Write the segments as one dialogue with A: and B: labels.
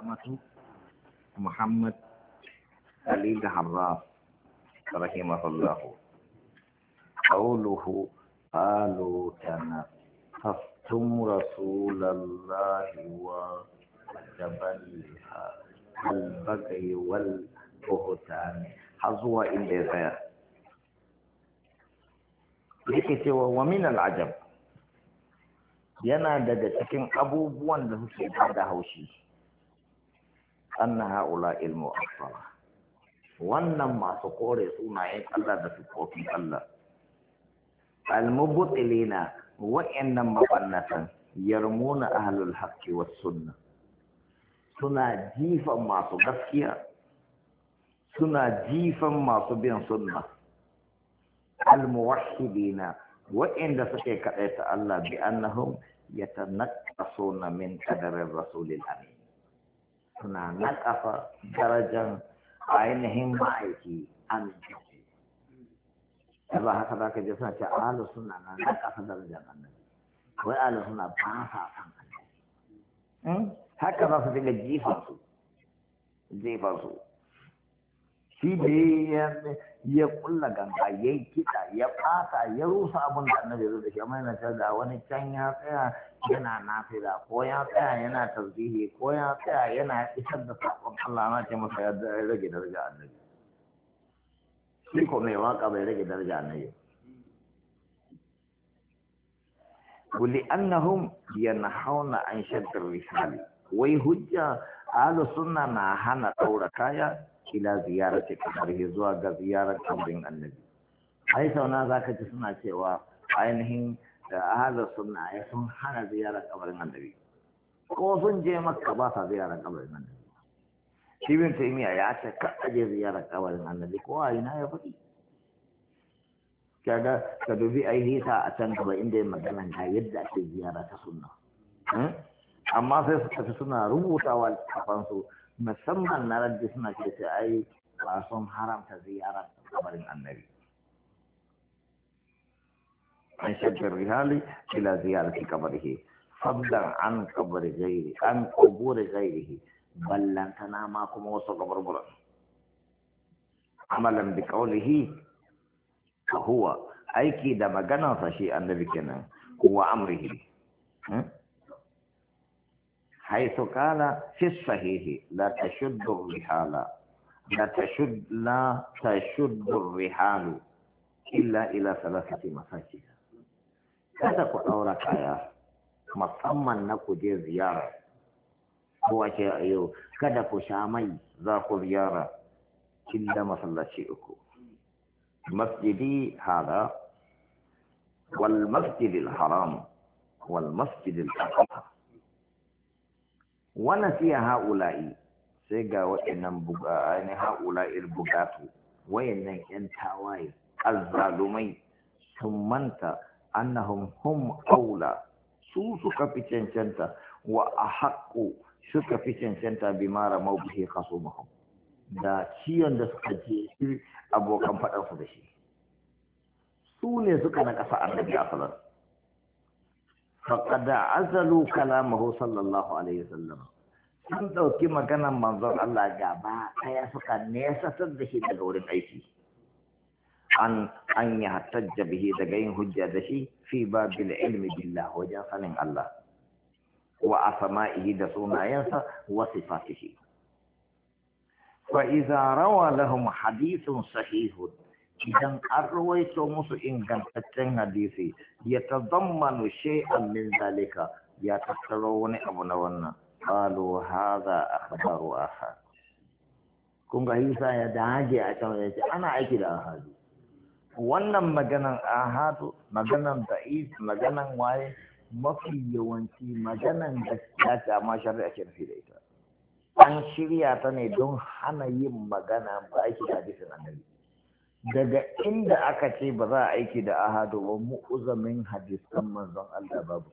A: kamatu muhammad khalil harraf rahimahullahu qawluhu qalu kana taftum rasulallahi wa taballiha albagay wal buhtan har zuwa inda ya tsaya yake cewa wa yana daga cikin abubuwan da suke bada haushi أن هؤلاء المؤخرة وأن ما سقور سونا إن الله ذا سقوط الله المبط إلينا وإن ما يرمون أهل الحق والسنة سنا جيفا ما سقفيا سنا جيفا ما سبين سنة الموحدين وإن ذا سكي الله بأنهم يتنقصون من قدر الرسول الأمين suna naƙafa darajar ainihin ma'aiki amince ya ba haka za ka je suna ce alu suna na naƙafa darajar annabi wai alu suna ba sa san annabi hmm? haka za su dinga jifa su jifan su shi da ya kulla ganga ya yi kiɗa ya ɓata ya rusa abin da na ya da shi amma yana da wani can ya tsaya yana nafila ko ya tsaya yana tasbihi ko ya tsaya yana isar da sakon. Allah na ce masa ya rage daraja annabi shi ko mai waka bai rage daraja annabi ولأنهم an عن شد Wai hujja حجة أهل na hana دورة kaya? Kila ziyarar ziyarati kabrihi zuwa ga ziyarar kambin annabi ai sauna ka ji suna cewa ainihin ahazar suna ya sun hana ziyarar kabarin annabi ko sun je makka ba sa ziyarar kabarin annabi shi bin ya ce kar je ziyarar kabarin annabi ko a ina ya faɗi kaga ka dubi ai hita a can gaba inda ya magana ga yadda ake ziyara ta suna. Hmm? amma sai su tafi suna rubutawa kafansu مسمن نرد اسمه كتائي واسم حرم كزيارة قبر النبي من شجر الرهالي إلى زيارة قبره فضلا عن قبر غيره عن قبور غيره بل لن تناماكم وصل قبر برا عملا بقوله هو أيكي دمجنا فشيء النبي كنا هو أمره 嗯。Huh? حيث قال في الصحيح لا تشد الرحال لا تشد لا تشد الرحال إلا إلى ثلاثة مساجد kada ku ɗaura kaya musamman na ku je ziyara ko a ce a yau kada ku sha mai za ku ziyara inda masallaci uku masjidi hada wal masjidil haram wal masjidil aqsa wannan siya ha'ula'i sai ga waɗannan ainihin ha'ula'il bugatu wayannan yan tawaye azzalumai sun manta annahum hum aula su suka fi cancanta wa a haƙo suka fi cancanta bi mara mawuce kaso mahau da ciyon da suka je shi abokan faɗansu da shi su ne suka na ƙasa annabi a salar فقد عزلوا كلامه صلى الله عليه وسلم sun ɗauki maganar manzon Allah gaba ɗaya suka nesatar da shi daga wurin aiki an an yi hattajja bihi daga yin hujja da shi fi babil ilmi billah wajen sanin Allah wa asma'ihi da sunayensa wa sifatihi fa idza rawa lahum hadithun sahihun idan an ruwaito musu ingantaccen hadisi ya tazammanu shay'an min zalika ya tattaro wani abu na wannan qalu hadha akhbaru ahad kun ga Isa ya dage a can ya ce ana aiki da ahadu wannan maganan ahadu maganan da'if maganan waye mafi yawanci maganan ya ce amma shari'a ce nufi da ita an shirya ta ne don hana yin magana ba aiki da hadisin annabi daga inda aka ce ba za a aiki da ahadu ba mu'uzamin hadisan manzon Allah babu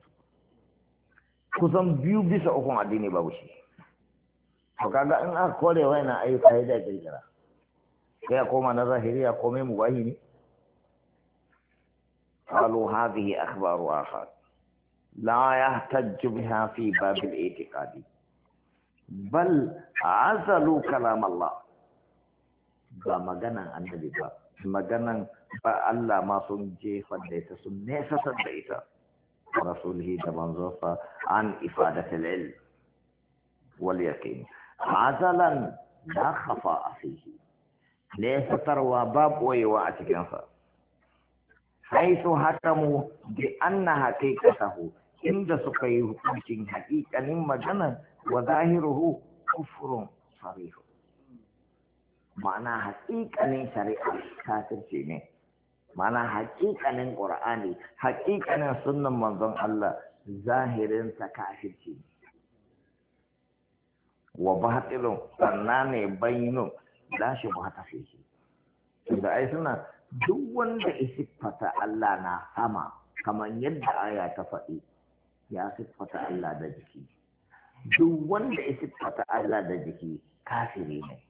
A: kusan biyu bisa ukun addini babu shi to kaga in aka kore yana ayyuka ya da kirkira sai ya koma na zahiri ya kome mu wahi ne قالوا hadhihi akhbaru akhar la يحتج biha fi babil i'tiqadi bal azalu kalam Allah ba maganan annabi ba maganan ba Allah ma sun jefa da ita sun nesa da ita rasulhi da fa an ifadatul ilm wal yaqin azalan da khafa fihi nesa tarwa ba wa a cikin sa haitu hakamu bi anna haqiqatahu inda suka yi hukuncin haƙiƙanin maganan wa zahiruhu kufrun sarihu ma'ana haƙiƙanin shari'a kafirci ne ma'ana haƙiƙanin ƙur'ani hakikanin sunnan manzon Allah zahirinsa kafirci ne wa batilun sannan ne bayyinun shi ba ta fi shi da ai suna duk wanda ya siffata Allah na sama kamar yadda aya ta faɗi ya siffata Allah da jiki duk wanda ya siffata Allah da jiki kafiri ne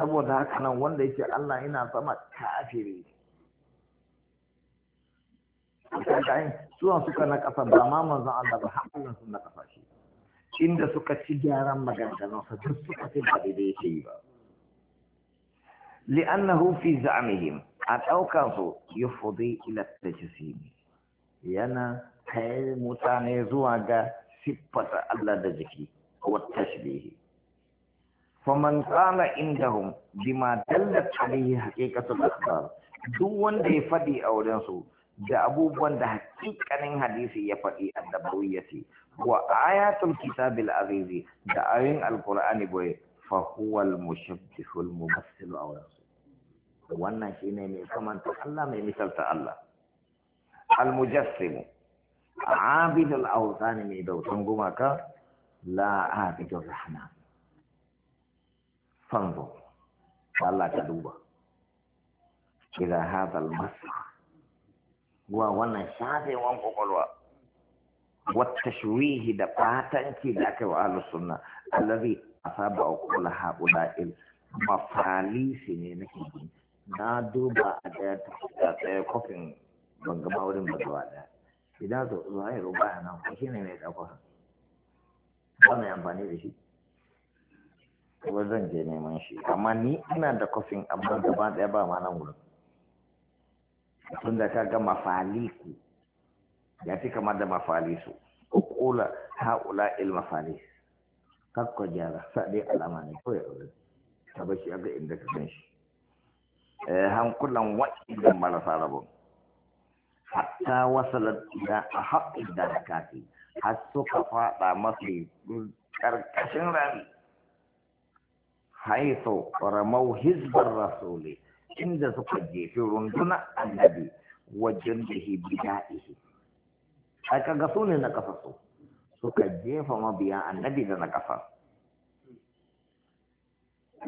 A: saboda haka nan wanda yake Allah yana sama kafiri kaga suwan suka na kafa ba ma manzon Allah ba har Allah sun na shi inda suka ci gyaran maganganun sa duk suka ce ba daidai yake yi ba li'annahu fi za'mihim a ɗaukar su yufudi ila tajsimi yana kai mutane zuwa ga siffata Allah da jiki wa tashbihi faman qala indahum bima dallat alayhi haqiqatul akhbar duk wanda ya fadi a wurin su da abubuwan da hakikanin hadisi ya faɗi a dabawiyyati wa ayatul kitabil azizi da ayoyin alqur'ani boye fa huwa al-mushabbihul mumassil aw wannan shine mai kamanta Allah mai misalta Allah al-mujassim abidul awsan mai dautan gumaka la abidul rahman fanzo Allah ta duba ila hadal masa wa wannan wan kokolwa wata shuwihi da fatanci da aka yi wa ahlus sunna allazi asaba wa kula haula il mafalisi ne nake yi na duba a daya ta tsaye kofin ban gama wurin ba daya idan zo zuwa ya ruba nan shi ne mai tsakwa wannan amfani da shi kuma zan je neman shi amma ni ina da kofin amma gaba daya ba ma nan wurin tun da ka ga mafaliku ya fi kamar da su ukula Ula il mafali kakko jara saɗe alama ne kawai a wurin ta bashi ga inda ka san shi eh, hankulan da marasa rabon hatta wasalar ila a haƙƙin da har suka faɗa masu ƙarƙashin rami haitho ramau hizbar rasuli inda suka jefi runduna annabi wajen da hi bida'ihi ai kaga su ne na kafa su suka jefa mabiya annabi da na kafa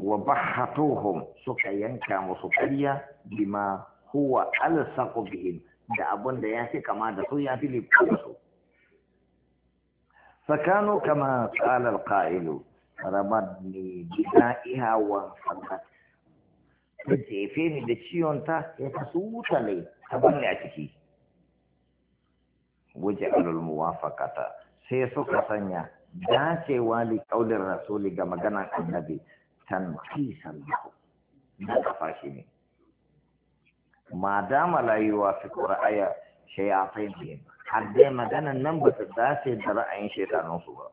A: wa bahatuhum suka yanka musu karya bima huwa alsaqu bihim da abun da fi kama da su ya fi da su fakanu kama qala alqa'ilu bisa iya wa ta tefe ni da ciwon ta ya ta ne ta banne a ciki wuce alul muwafaqata sai suka sanya dacewa li qaulir rasuli ga maganar annabi tanqisan lahu da kafa shi ne ma dama la yuwafiqu ra'aya shayatin har dai maganan nan ba ta dace da ra'ayin shaytanun su ba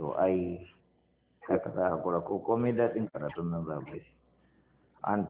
A: to ai haka za a kura ko komai daɗin karatun nan za a